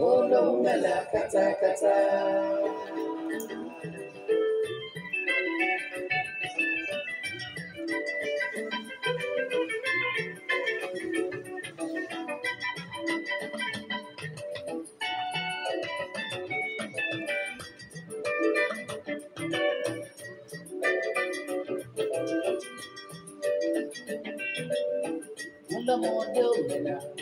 olomela katakata. Ulamondo mela.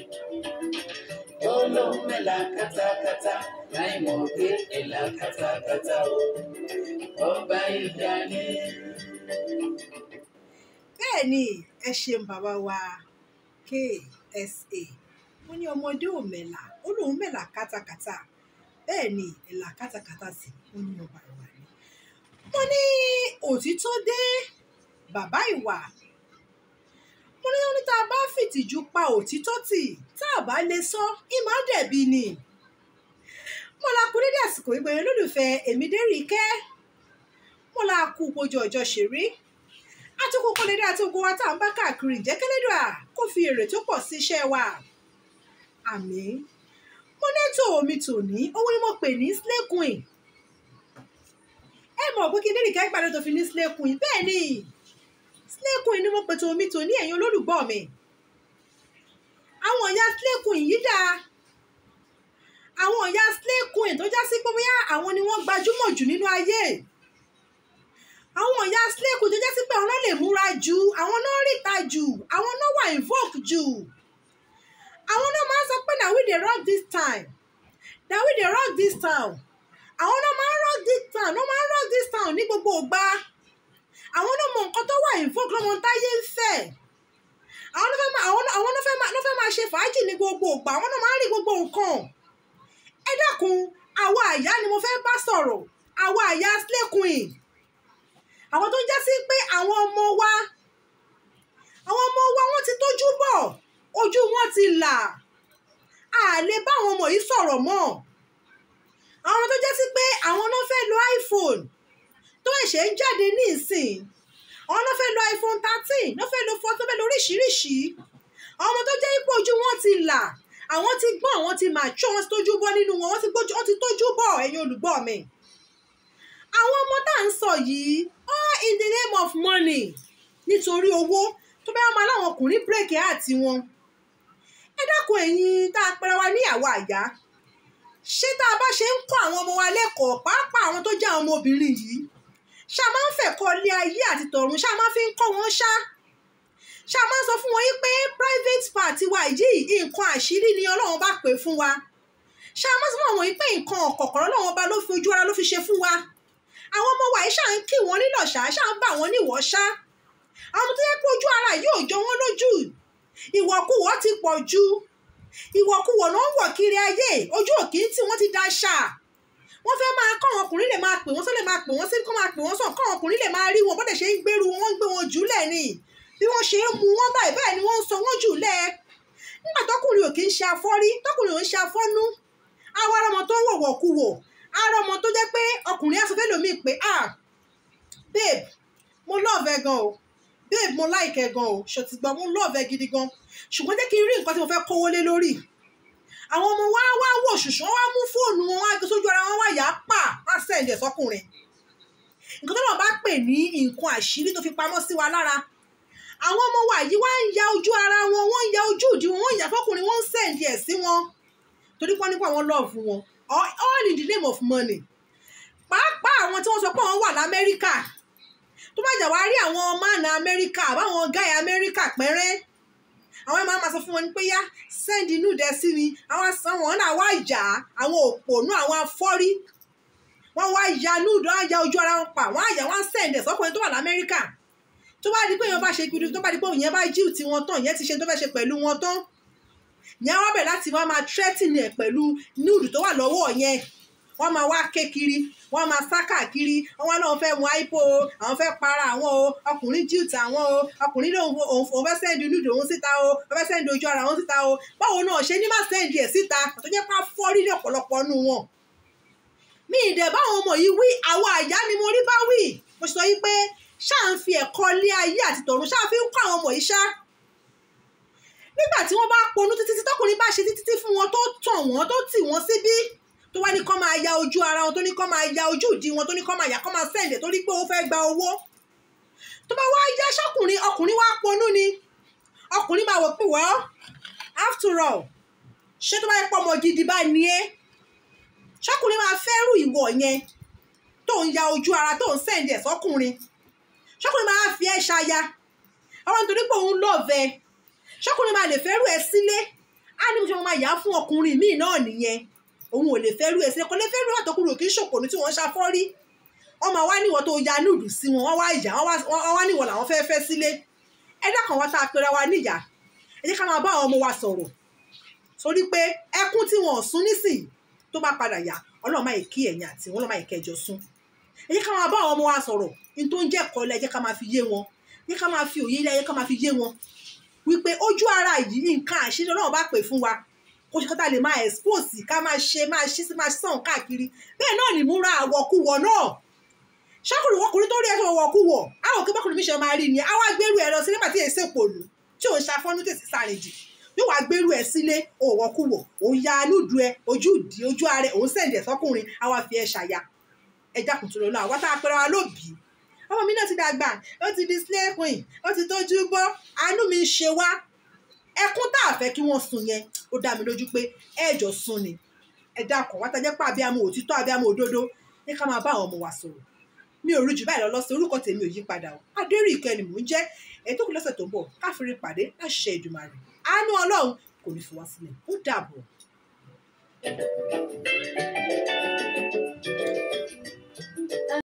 olómẹ́là kátákátá láì mọ̀ pé ẹ̀là kátákátá o ọba ìjà ni. bẹ́ẹ̀ ni ẹ ṣeun bàbá wa KSA wọ́n ní ọmọdé ò ó lóun mẹ́là kátákátá bẹ́ẹ̀ ni ẹ̀là kátákátá sì wọ́n ní ọba ìwà ni. wọ́n ní òtítọ́ dé bàbá ìwà mo ní wọn ní tá a bá fìtìjú pa òtítọ́ tì tá a bá lè sọ ìmọ̀ dẹ̀bi ni mo la kú dédé àsìkò ìgbà yẹn lólùfẹ́ èmi Dérìíkẹ́ mo la kú gbójú ọjọ́ ṣeré àtúkòkò dédé àti ogun wa tá à ń bá káàkiri ìjẹ́kẹ́lẹ́dọ̀ à kó fi èrè tó pọ̀ sí iṣẹ́ wa àmín mo nẹ́tò omi tòní owó ni mo pè ní slay ẹ mọ̀ pé kí Dérìíkẹ́ gbàdúrà tó fi ní slay bẹ́ẹ̀ ni sílẹ̀kùn inú mo pètò omi tòní ẹ̀yin olólùgbọ́ mi àwọn ìyá sílẹ̀kùn yìí dáa àwọn ìyá sílẹ̀kùn tó já sí pé bóyá àwọn ni wọ́n gbajúmọ̀ jù nínú ayé àwọn ìyá sílẹ̀kùn tó já sí pé àwọn náà lè múra jù àwọn náà ríta jù àwọn náà wà invoke jù àwọn náà máa ń sọ pé na we dey rock this time na we dey rock this town àwọn náà máa ń rock this town wọ́n máa ń rock this town ní gbogbo ìgbà àwọn ló mọ nǹkan tó wà involve lọ́mọ táyé ń fẹ́ àwọn ló fẹ́ máa àwọn ló fẹ́ máa ló fẹ́ máa ṣe fàájì ní gbogbo ògbà àwọn náà máa ń rí gbogbo nǹkan ẹ dákun àwa àyá ni mo fẹ́ bá sọ̀rọ̀ àwa àyá slay queen àwọn tó ń já sí pé àwọn ọmọ wa àwọn ọmọ wa wọ́n ti tójú bọ̀ ojú wọn ti là á lè bá àwọn ọmọ yìí sọ̀rọ̀ mọ́ àwọn tó jẹ́ sí pé àwọn náà fẹ́ lo iPhone tó ẹ̀ṣẹ̀ ń jáde ní ìsìn àwọn ló fẹ́ lo iphone thirteen ló fẹ́ lo fourteen ló fẹ́ lo oríṣiríṣi àwọn ọmọ tó jẹ́ ipò ojú wọn ti là àwọn ti gbọ́n àwọn ti mature wọn ti tójú bọ́ nínú wọn wọ́n ti gbójú wọ́n ti tójú bọ́ ẹ̀yin olùgbọ́ mi àwọn ọmọ tá à ń sọ yìí all in the name of money nítorí owó tó bá wọn máa láwọn ọkùnrin bírèkì àti wọn ẹ dákun ẹ̀yin tá a pẹrẹ wa níyàwó àyà ṣé tá a bá ṣe ń kọ́ àwọn ọmọ wa lẹ́kọ̀ọ́ pàápàá àwọn tó jẹ́ àwọn ọmọbìnrin yìí ṣá máa ń fẹ̀kọ́ ilé ayé àti tọ̀run ṣá máa fi ń kọ́ wọn ṣá ṣá máa sọ fún wọn yí pé private part wa yìí nǹkan àṣírí ni ọlọ́run bá pè fún wa ṣá máa ń sọ fún àwọn yìí pé nǹkan ọ̀kọ̀ọ̀kan ọlọ́run bá ló fi ojú ara ló fi ṣe fún wa àwọn ọmọ wa yìí ṣá ń kí wọn nílọ̀ ṣá ṣá ń bà wọn níwọ̀ ṣá àwọn tó yẹ kó ojú ara yóò jọ wọn lójú ìwọ̀kuwọ̀ ti pọ̀ ju ìwọ̀kuwọ̀ ló ń wọ̀ kiri ayé ojú òkè tí wọ́n ti da ṣáà wọ́n fẹ́ máa kọ́ àwọn ọkùnrin lè máa pè wọ́n sọ́lẹ̀ máa pè wọ́n sí kọ́ máa pè wọ́n sàn kọ́ àwọn ọkùnrin lè máa rí wọn bọ́dẹ̀ ṣe ń gbèrú wọn ń gbé wọn jùlẹ̀ ni bí wọ́n ṣe ń mu wọ́n báyìí báyìí ni wọ́n ń sọ wọ́n jùlẹ̀ nígbà tọkùnrin ò kì í ṣe afọ́rí tọkùnrin ò ń ṣe afọ́nú àwa ara ọmọ tó ń wọ̀wọ̀ kú wò ara ọmọ tó jẹ́ pé ọkùnrin aṣọ fẹ́lẹ̀ mi pé àwọn ọmọ wa wá wò ṣùṣùn wá mú fóònù wọn wá gbé sójú ara wọn wá yà á pà á sẹ́ǹdẹ̀ sọkùnrin nǹkan tó lọ́n bá pè ní nǹkan àṣírí tó fi pamọ́ sí wa lára àwọn ọmọ wa yìí wá ń ya ojú ara wọn wọ́n ń ya ojú ìdí wọn wọ́n ń ya fọkùnrin wọ́n ń sẹ́ǹdì ẹ̀ sí wọn torí pọ́n nípa àwọn lọ́ọ̀fù wọn all in the name of money pàápàá àwọn tí wọ́n sọ pé wọ́n wà lamẹ́ríkà tó bá jà wá rí àwọn máàna amẹ́ríkà àbáwọn gáì amẹ́ríkà pẹ́rẹ́ àwọn máa máa sọ fún wọn pé yá send inú dẹ sí mi àwọn asan wọn náà wá yà á àwọn òpònú àwọn afọ́rí wọ́n wá ya núùdù á ya ojú ara wọn pa wọ́n á yà wọ́n á send ẹ̀ sọ́kùnrin tó wà lamẹ́ríkà tó bá di pé èèyàn bá ṣe kiri tó bá di pé òun yẹn bá jíù tí wọ́n tán ìyẹn ti ṣe tó fẹ́ ṣe pẹ̀lú wọn tán ìyẹn wá bẹ̀ láti wá máa threatening ẹ̀ pẹ̀lú núùdù tó wà lọ́wọ́ yẹn wọ́n máa wá ké kiri wọ́n máa sá káàkiri wọ́n náà fẹ́ mu àìpò o àwọn fẹ́ para àwọn o ọkùnrin jute àwọn o ọkùnrin lòun òun fẹ́ sẹ́ndì lùdò òun síta o òun fẹ́ sẹ́ndì ojú ara òun síta o báwo náà ṣe ní má sẹ́ndì ẹ̀ síta tó jẹ́ ká fọ́ rí ní ọ̀pọ̀lọpọ̀ nù wọn. mi ì dẹ̀ báwọn ọmọ yìí wí àwọn àyá ni mo rí bá wí mo sọ yìí pé ṣáà ń fi ẹ̀kọ́ lé ayé àti tọ̀run ṣáà fi ń kọ́ àwọn ọmọ yìí ṣáà nígbà tí wọ́n bá ponú títí tí tọkùnrin bá ṣe títí fún wọn tó tàn wọ́n tó tì wọ́n síbí tó wá ní kọ́ máa ya ojú ara wọn tó ní kọ́ máa ya ojú ìdí wọn tó ní kọ́ máa yà kọ́ máa sẹ́ǹdẹ̀ torí pé ó fẹ́ gba owó tó bá wá yá sọ́kùnrin ọkùnrin wá ponú ni ọkùnrin máa wò pé wọ́n after all ṣé tó bá yẹ pé ọmọ gidi bá ní ẹ́ sọ́kùnrin máa fẹ́rù ìwọ yẹn tó ń ya ojú ara tó ń sẹ́ǹdẹ̀ sọ́kùnrin sọ́kùnrin máa fi ẹ́ ṣaya ọmọ nítorí pé òun lọ́ọ̀vẹ́ sọ́kùnrin máa lè fẹ́rù ẹ sílé á ní mo ṣe máa yà á fún ọkùnrin míì náà nìyẹn òun ò lè fẹ́rù ẹ̀sìn kò lè fẹ́rù àtọkùnrin kì í ṣòpònú tí wọ́n ṣàfọ́rí wọ́n máa wá níwọ̀ tó ya núdù sí wọn wọ́n wá ìyá wọ́n wá níwọ̀ làwọn fẹ́ẹ́ fẹ́ sílé ẹ̀dá kan wá tá a pera wa níyà ẹ jẹ́ ká máa bá àwọn ọmọ wa sọ̀rọ̀ torí pé ẹkún tí wọn ò sún nísìnyí tó bá padà yá ọlọ́run máa kí ẹ̀yìn àti wọn ọlọ́run máa kẹjọ sún ẹ kó ṣe kọ́tà lè máa expose ká máa ṣe máa ṣí sí máa sàn káàkiri bẹ́ẹ̀ náà ni múra àwọ̀kúwọ̀ náà ṣọkùnrin wọkùnrin tó rí ẹjọ́ wọ̀kúwọ̀ àwọn òkè bọ́kùnrin mi ṣe máa rí ni àwa gbẹ́rù ẹ̀ lọ sí nígbà tí èyí sèpò lù tí òun ṣàfọ́nú tèsí sàrèjì yóò wá gbẹ́rù ẹ̀ sílé òwọ̀kúwọ̀ òun ya alúdu ẹ ojú ìdí ojú ààrẹ òun sẹ̀ǹdẹ̀ sọkùnrin àwa fi ẹ ṣàyà ẹ jákùn tó lọ lọ àwa tá a pẹ́rọ wa lóbi ọmọ mi náà ti dàgbà ó ti di slay queen ó ti tójú bọ́ àánú mi ṣe wá ẹkún tá a fẹ́ kí wọ́n sun yẹn ó dá mi lójú pé ẹjọ sun ni ẹ dákun wá tajẹ́ pé abiyamọ òtítọ́ abiyamọ òdodo ní ká máa bá àwọn ọmọ wa sọ̀rọ̀ mi ò rújú báyìí lọ́lọ́sẹ̀ orúkọ tèmi ò yí padà o adérí ìkẹ́ ni mò ń jẹ́ èyí tó kù lọ́sẹ̀ tó ń bọ̀ káfíńrì pàdé láṣẹ Èdùmàrè àánú ọlọ́run kò ní fi wá sílẹ̀ ó dàbọ̀.